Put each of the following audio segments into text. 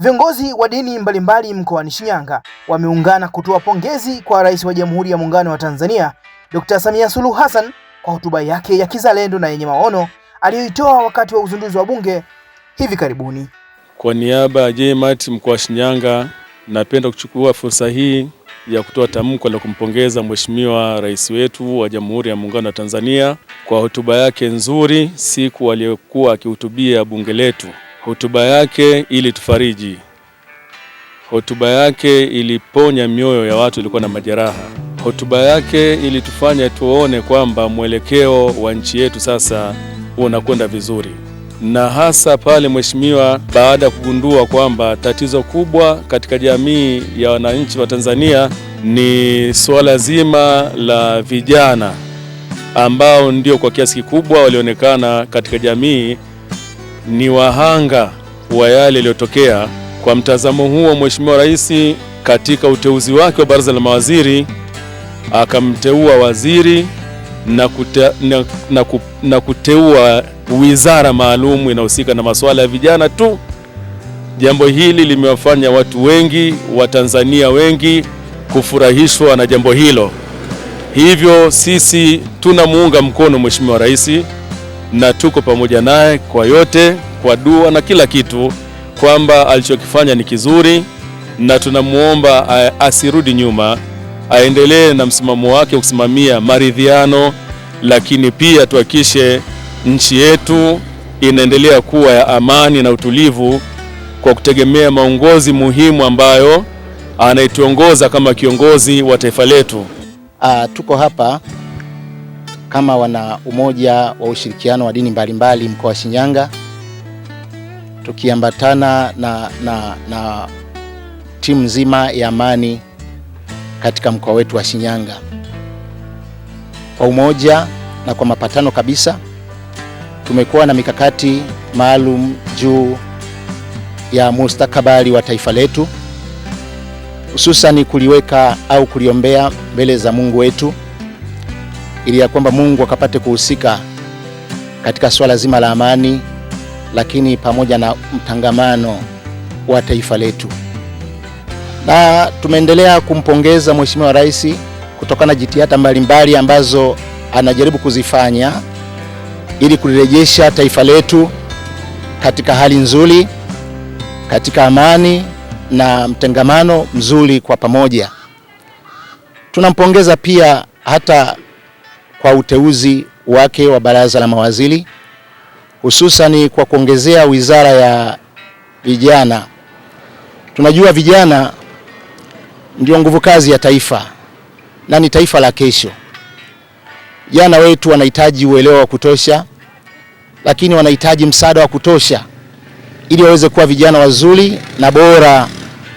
Viongozi wa dini mbalimbali mkoani Shinyanga wameungana kutoa pongezi kwa Rais wa Jamhuri ya Muungano wa Tanzania, Dr. Samia Suluhu Hassan kwa hotuba yake ya kizalendo na yenye maono aliyoitoa wakati wa uzinduzi wa Bunge hivi karibuni. Kwa niaba ya JMAT mkoa wa Shinyanga, napenda kuchukua fursa hii ya kutoa tamko la kumpongeza Mheshimiwa Rais wetu wa Jamhuri ya Muungano wa Tanzania kwa hotuba yake nzuri siku aliyokuwa akihutubia bunge letu. Hotuba yake ilitufariji, hotuba yake iliponya mioyo ya watu ilikuwa na majeraha. Hotuba yake ilitufanya tuone kwamba mwelekeo wa nchi yetu sasa unakwenda vizuri, na hasa pale mheshimiwa, baada ya kugundua kwamba tatizo kubwa katika jamii ya wananchi wa Tanzania ni suala zima la vijana ambao ndio kwa kiasi kikubwa walionekana katika jamii ni wahanga wa yale yaliyotokea. Kwa mtazamo huo, Mheshimiwa Rais katika uteuzi wake wa baraza la mawaziri akamteua waziri na, kute, na, na, na kuteua wizara maalum inahusika na masuala ya vijana tu. Jambo hili limewafanya watu wengi wa tanzania wengi kufurahishwa na jambo hilo. Hivyo sisi tunamuunga mkono Mheshimiwa Rais na tuko pamoja naye kwa yote, kwa dua na kila kitu, kwamba alichokifanya ni kizuri na tunamwomba asirudi nyuma, aendelee na msimamo wake kusimamia maridhiano, lakini pia tuhakikishe nchi yetu inaendelea kuwa ya amani na utulivu kwa kutegemea maongozi muhimu ambayo anaituongoza kama kiongozi wa taifa letu. Uh, tuko hapa kama wana umoja wa ushirikiano wa dini mbalimbali mkoa wa Shinyanga tukiambatana na, na, na timu nzima ya amani katika mkoa wetu wa Shinyanga kwa umoja na kwa mapatano kabisa, tumekuwa na mikakati maalum juu ya mustakabali wa taifa letu, hususani kuliweka au kuliombea mbele za Mungu wetu ili ya kwamba Mungu akapate kuhusika katika swala zima la amani, lakini pamoja na mtangamano wa taifa letu. Na tumeendelea kumpongeza Mheshimiwa Rais kutokana na jitihada mbalimbali ambazo anajaribu kuzifanya ili kulirejesha taifa letu katika hali nzuri, katika amani na mtengamano mzuri kwa pamoja. Tunampongeza pia hata kwa uteuzi wake wa baraza la mawaziri hususani kwa kuongezea wizara ya vijana. Tunajua vijana ndio nguvu kazi ya taifa na ni taifa la kesho. Vijana wetu wanahitaji uelewa wa kutosha, lakini wanahitaji msaada wa kutosha ili waweze kuwa vijana wazuri na bora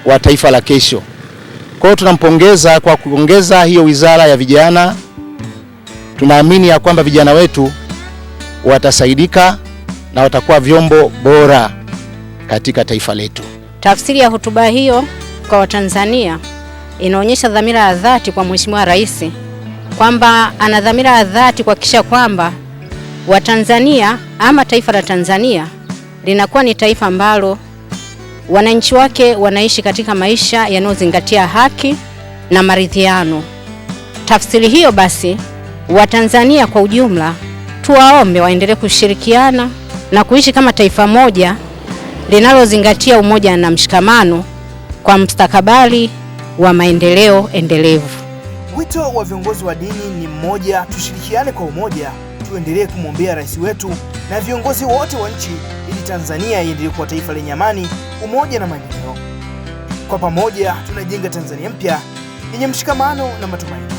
wa taifa la kesho. Kwa hiyo tunampongeza kwa kuongeza hiyo wizara ya vijana tunaamini ya kwamba vijana wetu watasaidika na watakuwa vyombo bora katika taifa letu. Tafsiri ya hotuba hiyo kwa Watanzania inaonyesha dhamira ya dhati kwa Mheshimiwa Rais kwamba ana dhamira ya dhati kuhakikisha kwamba Watanzania ama taifa la Tanzania linakuwa ni taifa ambalo wananchi wake wanaishi katika maisha yanayozingatia haki na maridhiano. Tafsiri hiyo basi Watanzania kwa ujumla tuwaombe waendelee kushirikiana na kuishi kama taifa moja linalozingatia umoja na mshikamano kwa mstakabali wa maendeleo endelevu. Wito wa viongozi wa dini ni mmoja, tushirikiane kwa umoja, tuendelee kumwombea rais wetu na viongozi wote wa nchi ili Tanzania iendelee kuwa taifa lenye amani, umoja na maendeleo. Kwa pamoja tunajenga Tanzania mpya yenye mshikamano na matumaini.